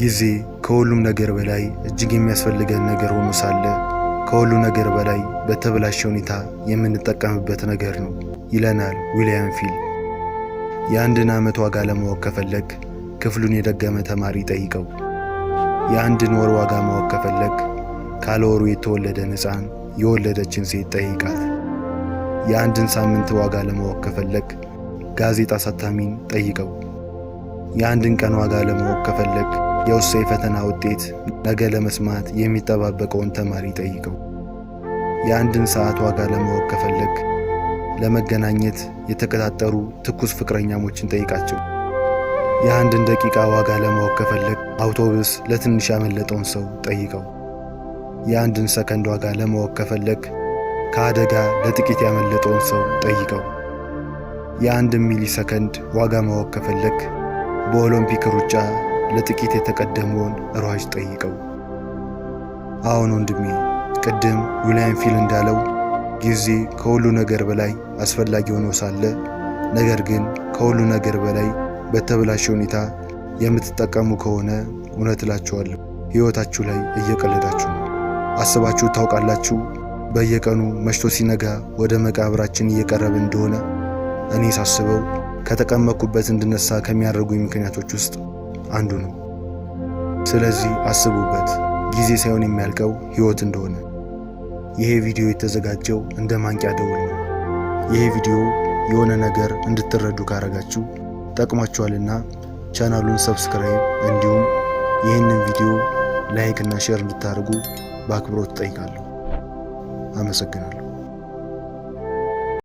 ጊዜ ከሁሉም ነገር በላይ እጅግ የሚያስፈልገን ነገር ሆኖ ሳለ ከሁሉ ነገር በላይ በተበላሸ ሁኔታ የምንጠቀምበት ነገር ነው ይለናል ዊልያም ፊል። የአንድን ዓመት ዋጋ ለማወቅ ከፈለግ ክፍሉን የደገመ ተማሪ ጠይቀው። የአንድን ወር ዋጋ ማወቅ ከፈለግ ካለ ወሩ የተወለደን ሕፃን የወለደችን ሴት ጠይቃት። የአንድን ሳምንት ዋጋ ለማወቅ ከፈለግ ጋዜጣ አሳታሚን ጠይቀው። የአንድን ቀን ዋጋ ለማወቅ ከፈለግ የውሳኔ ፈተና ውጤት ነገ ለመስማት የሚጠባበቀውን ተማሪ ጠይቀው። የአንድን ሰዓት ዋጋ ለማወቅ ከፈለግ ለመገናኘት የተቀጣጠሩ ትኩስ ፍቅረኛሞችን ጠይቃቸው። የአንድን ደቂቃ ዋጋ ለማወቅ ከፈለግ አውቶቡስ ለትንሽ ያመለጠውን ሰው ጠይቀው። የአንድን ሰከንድ ዋጋ ለማወቅ ከፈለግ ከአደጋ ለጥቂት ያመለጠውን ሰው ጠይቀው። የአንድን ሚሊ ሰከንድ ዋጋ ማወቅ ከፈለግ በኦሎምፒክ ሩጫ ለጥቂት የተቀደመውን ሯጭ ጠይቀው። አሁን ወንድሜ፣ ቅድም ዊልያም ፊል እንዳለው ጊዜ ከሁሉ ነገር በላይ አስፈላጊ ሆኖ ሳለ ነገር ግን ከሁሉ ነገር በላይ በተበላሸ ሁኔታ የምትጠቀሙ ከሆነ እውነት እላችኋለሁ ሕይወታችሁ ላይ እየቀለዳችሁ ነው። አስባችሁ ታውቃላችሁ በየቀኑ መሽቶ ሲነጋ ወደ መቃብራችን እየቀረብ እንደሆነ። እኔ ሳስበው ከተቀመጥኩበት እንድነሳ ከሚያደርጉኝ ምክንያቶች ውስጥ አንዱ ነው። ስለዚህ አስቡበት፣ ጊዜ ሳይሆን የሚያልቀው ሕይወት እንደሆነ። ይሄ ቪዲዮ የተዘጋጀው እንደ ማንቂያ ደውል ነው። ይሄ ቪዲዮ የሆነ ነገር እንድትረዱ ካረጋችሁ ጠቅሟችኋልና ቻናሉን ሰብስክራይብ እንዲሁም ይህንን ቪዲዮ ላይክ እና ሼር እንድታደርጉ በአክብሮት ጠይቃለሁ። አመሰግናለሁ።